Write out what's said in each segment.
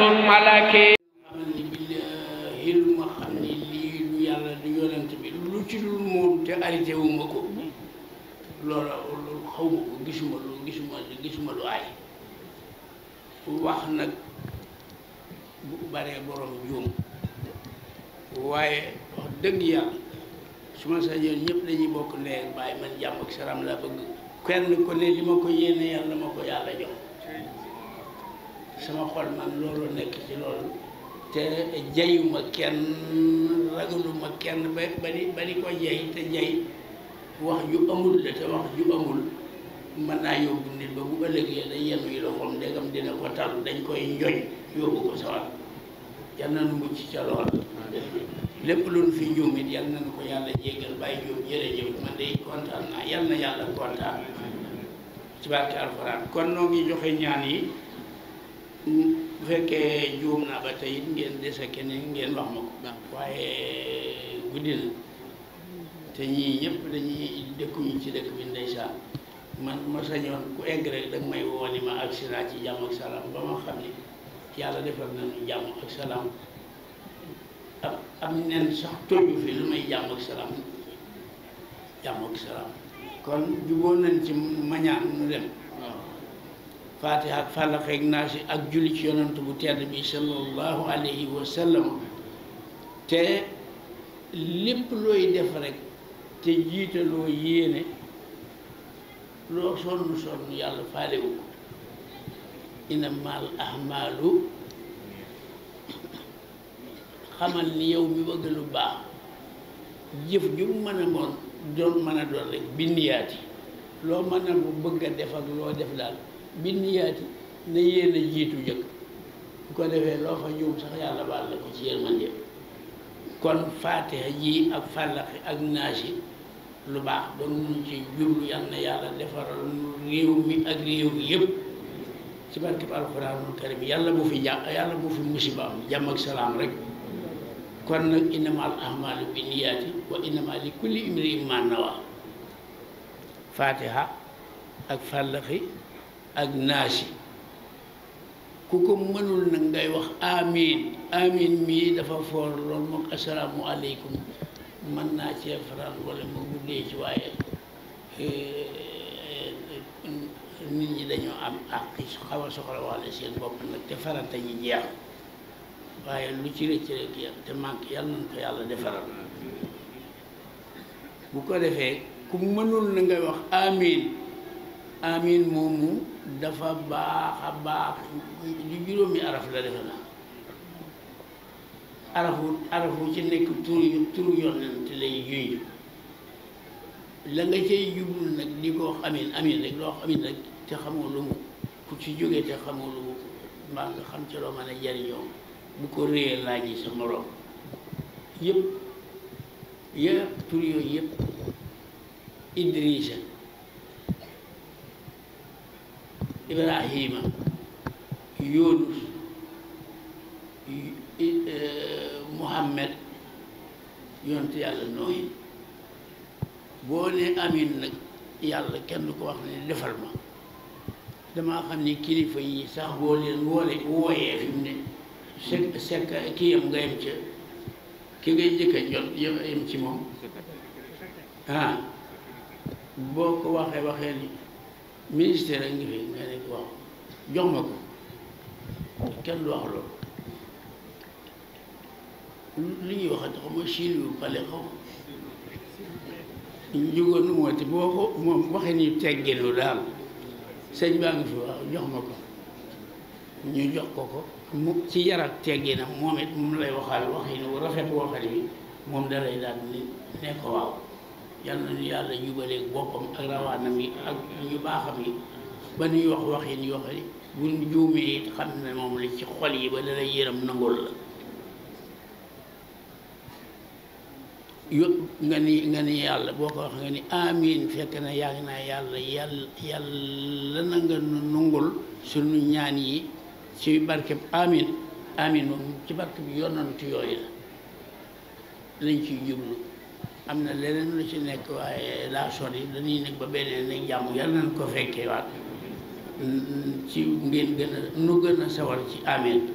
salaatun malaki ma xam ni lii lu yàlla du yonent bi lu ci dul moom te arrêté ko loolu xaw ma ko gisuma lu gisuma lu ay wax nag bu baree borom juum waaye dëgg yàlla su ma sañoon ñëpp dañuy bokk ndey ak baay man jàmm ak salaam laa bëgg kenn ku ne li ma ko yéene yàlla ma ko yàlla jox sama xol man loolu nekk ci loolu te jeyuma kenn ragaluma kenn ba bari bari ko jey te jey wax ju amul la te wax ju amul man naa yóbbu nit ba bu ëllëgee day yenu yi loxoom ndegam dina ko talu dañ koy njoñ yóbbu ko sawar yal na nu mucc ca lool lépp lu fi juum yal na nu ko yàlla jéggal bàyyi juum jërëjëf man day kontaan naa yal na yàlla kontaan ci barke alxuraan kon noo ngi joxe ñaan yi bu fekkee juum naa ba tey ngeen ngeen dese keneen ngeen wax ma ko waaye guddi na te ñii ñëpp dañuy dëkkuñu ci dëkk bi ndeysaan man ma sañoon ku egg rek danga may woo ma agsi naa ci jàmm ak salaam ba ma xam ni yàlla defal nañu jàmm ak salaam ab am nen sax tojju fi lu may jàmm ak salaam jàmm ak salaam kon juboo nañ ci mañaan nu dem fatiha ak fàllax ak naasi ak julli ci yonent bu tedd bi sallallahu alayhi wa te lépp looy def rek te jiitaloo yéene loo sonn sonn yàlla faalewu ko inamal ahmaalu xamal ni yow mi bëgg lu baax jëf ju mën a moon doon mën a doon rek bindiyaati loo mën a bu bëgg a def ak loo def daal bi niyaati na yéen a jiitu jëkk bu ko defee loo fa juum sax yàlla baal la ko ci yërmande kon faatiha ji ak fàllaxi ak naasi lu baax doon mun ci jublu yal na yàlla defaral réew mi ak réew yépp ci barkeb alxuraanul karim yàlla bu fi jàq yàlla bu fi musiba jàmm ak salaam rek kon nag innama al ahmaalu bi niyaati wa innama li kulli imri ma nawa faatiha ak fàllaxi ak naasi ku ko mënul nag ngay wax amin amin mii dafa foor loolu moom asalaamu aleykum mën naa cee faral wala mu guddee ci waaye eh, eh, nit ñi dañoo am àq xaw a soxla seen bopp nag te farata ñi jeex waaye lu ci rëcc rek te manque yàlla nañ ko yàlla defaral bu ko defee ku mënul na ngay wax amin amin moomu dafa baax a baax du juróomi araf la defe na arafu arafu ci nekk tur turu yonent lay junj la nga cay nag di ko wax amin rek loo wax amin rek te xamoo lu mu ku ci jógee te xamoo lu mu mbaa nga xam ci loo mën a jariñoo bu ko réyee laaj yi sa moroom yëpp yëpp tur yooyu yëpp Idrissa ibrahima yunus e, muhammad yonent yàlla nooyi boo ne amin nag yàlla kenn du ko wax ne defal ma damaa xam ni kilifa yi sax boo leen woole wooyee fi mu ne sekk ki yam nga yem ca ki ngay jëkka jot yem ci moom ah boo ko waxee waxee ni ministère a ngi fi nga ne waaw jox ma ko kenn du wax loolu li ñuy wax xaw ma Chine yu pale xaw ñu ko nu moo te boo ko moom waxee ni tegginu daal sëñ baa ngi fi waaw jox ma ko ñu jox ko ko mu ci yarak tegginam moom it moom lay waxal waxi nu rafet waxal bi moom dalay daal ni ne waaw yal nañu yàlla jubaleeg boppam ak rawaanam yi wax waxin yoo xam ne buñ juumee it xam ne fekk na yàgg naa yàlla yàlla yàlla na nga nu nungul sunu ñaan yi ci barkeb amiin amiin moom ci barkeb yonant yooyu la lañ ciy jublu am na leneen lu ci nekk waaye laa sori dañuy nekk ba beneen nag jàmm yàlla nañ ko fekkee waat ci ngeen a nu gën a sawar ci ameen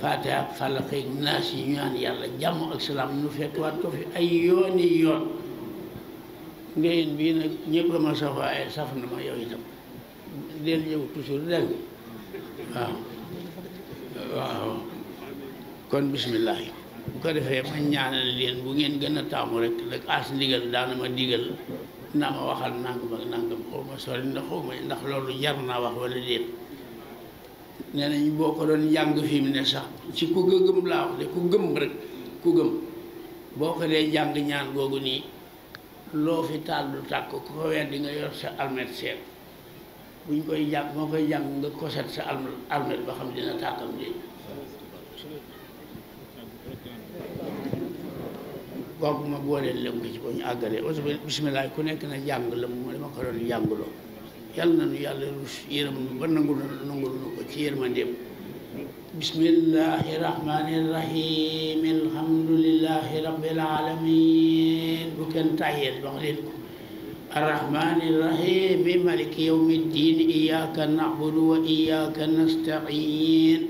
Faatiha ak Falaq ak Naas yi ñu naan yàlla jàmm ak salaam nu fekk waat ko fi ay yooni yoon ngeen bii nag ñëpp saf waaye saf na ma yow itam del ñëw toujours dégg waaw waaw kon bismillah ko defee ma ñaanal leen bu ngeen gën a taamu rek nag as ndigal daana ma digal na ma waxal nangam ak nangam ma ndax xaw ma ndax loolu jar naa wax wala déet nee nañ boo ko doon jàng fi mu ne sax ci ku gëm laa wax de ku gëm rek ku gëm boo ko dee jàng ñaan googu nii loo fi taal du tàkk ku ko weddi nga yor sa almet seet buñ koy jàng moo koy jàng nga koset sa almet ba xam dina tàkkam déet googu ma boole lëngu ci ba ñu àggale auzu bisimilah ku nekk na jàng la mu dama ko doon jàngloo yàlla na nu yàlla rus yërëm nu ba nangu nangul nu ko ci yërmandeem bismillahi rahmani rahim alhamdulillahi rabbil alamin bu kenn tàyyeel wax leen ko الرحمن الرحيم مالك يوم الدين إياك نعبد وإياك نستعين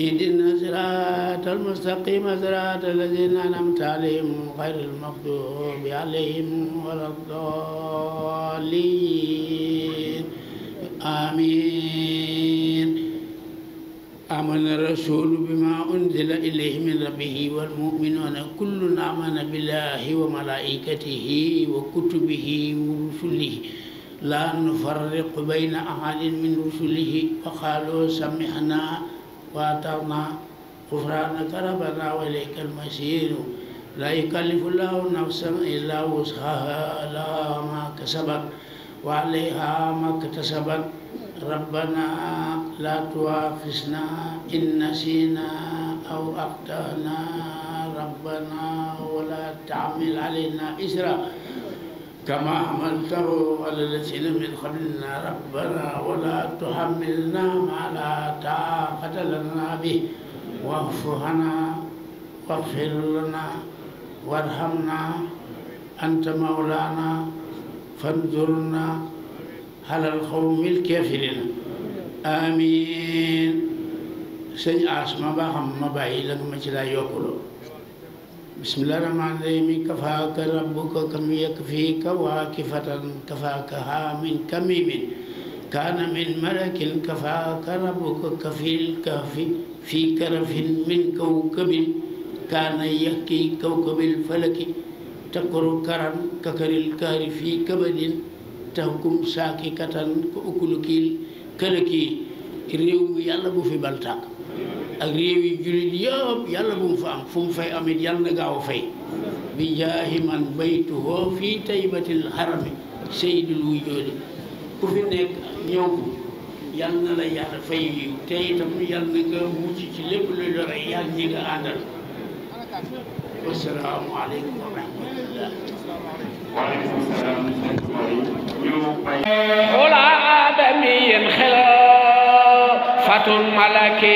اهدنا صراط المستقيم صراط الذين أنعمت عليهم غير المغضوب عليهم ولا الضالين آمين آمن الرسول بما أنزل إليه من ربه والمؤمنون كل آمن بالله وملائكته وكتبه ورسله لا نفرق بين أحد من رسله وقالوا سمعنا وأطعنا غفرانك ربنا وإليك المسير لا يكلف الله نفسا إلا وسعها لها ما كسبت وعليها ما اكتسبت ربنا لا تؤاخذنا إن نسينا أو أخطأنا ربنا ولا تعمل علينا إسرا كما حملته على الذين من قبلنا ربنا ولا تحملنا ما لا طاقة لنا به واعف عنا واغفر لنا وارحمنا أنت مولانا فانظرنا على القوم الكافرين آمين سن أسمى بهم مباهي لك مجلا يوكلو بسم الله الرحمن الرحيم كفاك ربك كم يكفيك واكفة كفاك ها من كميم كان من ملك كفاك ربك كفيل كافي في كرف من كوكب كان يكي كوكب الفلك تقر كرم ككر الكار في كبد تهكم ساككة كأكل كيل كلكي réew mi yàlla bu fi bal tàkk ak réew yi jullit yëpp yàlla bu mu fa taybatil harami seydul wujoodi ku fi nekk ñëw yàlla na la yàlla fay yiw te itam yàlla na মালাকে